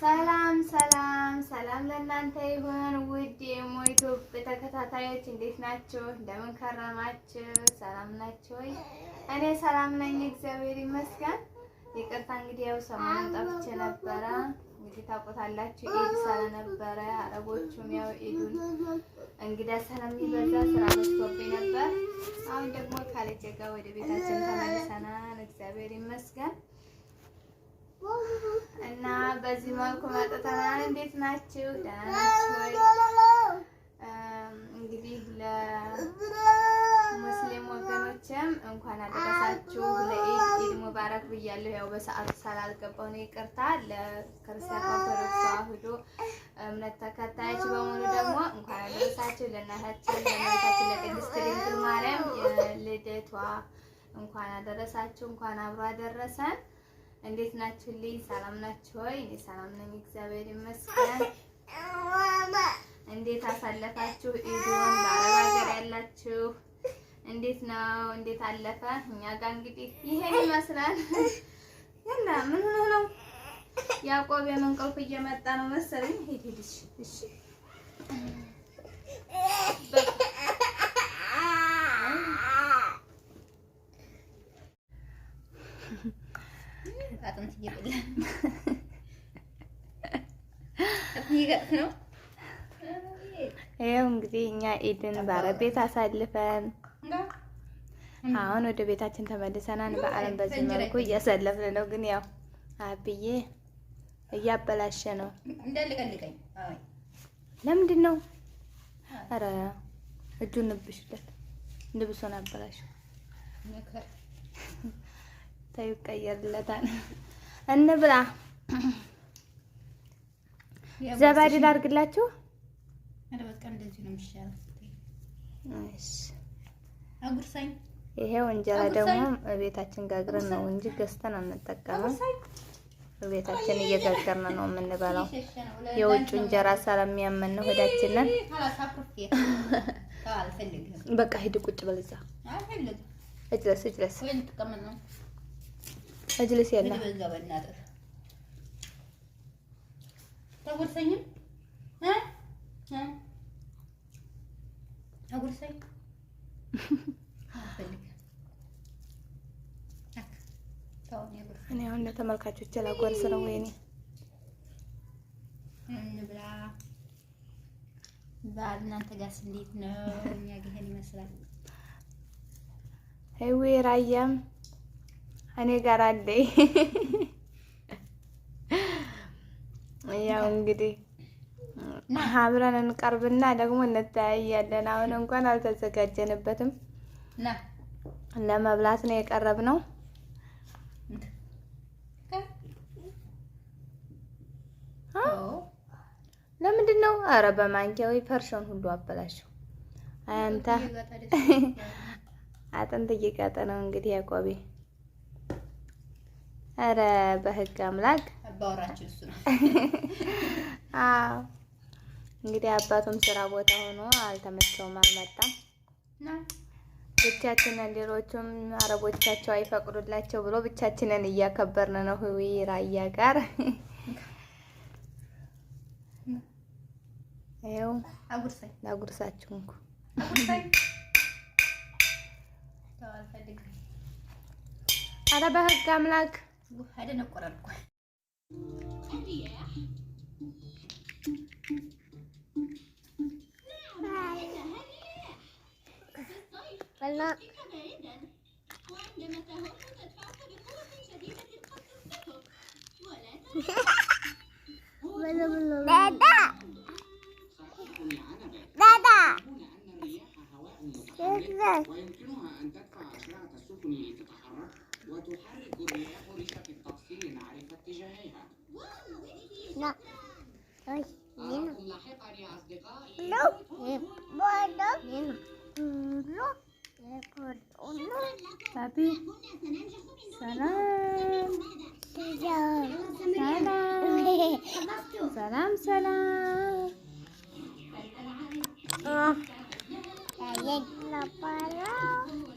ሰላም ሰላም ሰላም ለእናንተ ይሁን ውድ የሞዩቱብ ተከታታዮች እንዴት ናችሁ? እንደምን ከረማችሁ? ሰላም ናችሁ ወይ? እኔ ሰላም ነኝ፣ እግዚአብሔር ይመስገን። ይቅርታ እንግዲህ ያው ሰሞኑን ጠፍቼ ነበረ። እንግዲህ ታውቁታላችሁ ኢድ ስለነበረ አረቦቹም ያው ኢዱን እንግዳ ስለሚበዛ ስራ በዝቶብኝ ነበር። አሁን ደግሞ ካለጀጋ ወደ ቤታችን ተመልሰናል፣ እግዚአብሔር ይመስገን። እና በዚህ መልኩ መጥተናል። እንዴት ናችሁ? እንግዲህ ለሙስሊም ወገኖችም እንኳን አደረሳችሁ ለኢድ ኢድ ሙባረክ ብያለሁ። ያው በሰዓቱ ሳላልገባሁ ነው ይቅርታ። ለክርስቲያን ኦርቶዶክስ እምነት ተከታዮች በሙሉ ደግሞ እንኳን አደረሳችሁ ለእናታችን ለእናታችን ለቅድስት ድንግል ማርያም ልደቷ እንኳን አደረሳችሁ፣ እንኳን አብሮ አደረሰን። እንዴት ናችሁልኝ? ሰላም ናችሁ ወይ? እኔ ሰላም ነኝ፣ እግዚአብሔር ይመስገን። እንዴት አሳለፋችሁ ኢዱን? በአረብ ሀገር ያላችሁ እንዴት ነው? እንዴት አለፈ? እኛ ጋር እንግዲህ ይሄን ይመስላል። እና ምን ሆኖ ነው ያዕቆብ የመንቀውፍ እየመጣ ነው መሰለኝ። ሂድ ሂድ። እሺ ነው። ይኸው እንግዲህ እኛ ኢድን በአረብ ቤት አሳልፈን አሁን ወደ ቤታችን ተመልሰናን በዓልን በዚህ መልኩ እያሳለፍን ነው። ግን ያው አብዬ እያበላሸ ነው። ለምንድን ነው? ኧረ እጁን ንብሽለት፣ ልብሱን አበላሽ ተይው፣ ቀየርለታል እንብላ ዘባዴ ላድርግላችሁ። ይሄው እንጀራ ደግሞ ቤታችን ጋግረን ነው እንጂ ገዝተን አንጠቀምም። ቤታችን እየጋገርን ነው የምንበላው። የውጭ እንጀራ ስለሚያመን ነው ሆዳችንን። በቃ ሂድ ቁጭ በል እዛ እጅለስ እጅለስ እጅለስ የለም አጎርሰኝም አጎርሰኝ እኔ አሁን ለተመልካቾች ላጎርስ ነው። ወይኔ እንብላ። በዓል እናንተ ጋርስ እንዴት ነው? እኛ ጋር ይሄን ይመስላል። ሄዊ ራያም እኔ ጋር አለኝ። ያው እንግዲህ አብረን እንቀርብና ደግሞ እንተያያለን። አሁን እንኳን አልተዘጋጀንበትም። ለመብላት ነው የቀረብነው። ለምንድን ነው? አረ በማንኪያዊ ፐርሽን ሁሉ አበላሸው። አንተ አጥንት እየጋጠ ነው እንግዲህ ያቆቤ። አረ በህግ አምላክ ባወራችን እሱ ነው። እንግዲህ አባቱም ስራ ቦታ ሆኖ አልተመቸውም፣ አልመጣም። ብቻችንን ሌሎቹም አረቦቻቸው አይፈቅዱላቸው ብሎ ብቻችንን እያከበርን ነው ህዊ ራያ ጋር ይኸው ላጉርሳችሁ እንኳ ኧረ በህግ አምላክ 爷爷。拜。爸爸。爸爸。爸爸。Papi. Salam. Salam. Salam, salam. Ah. Ayek la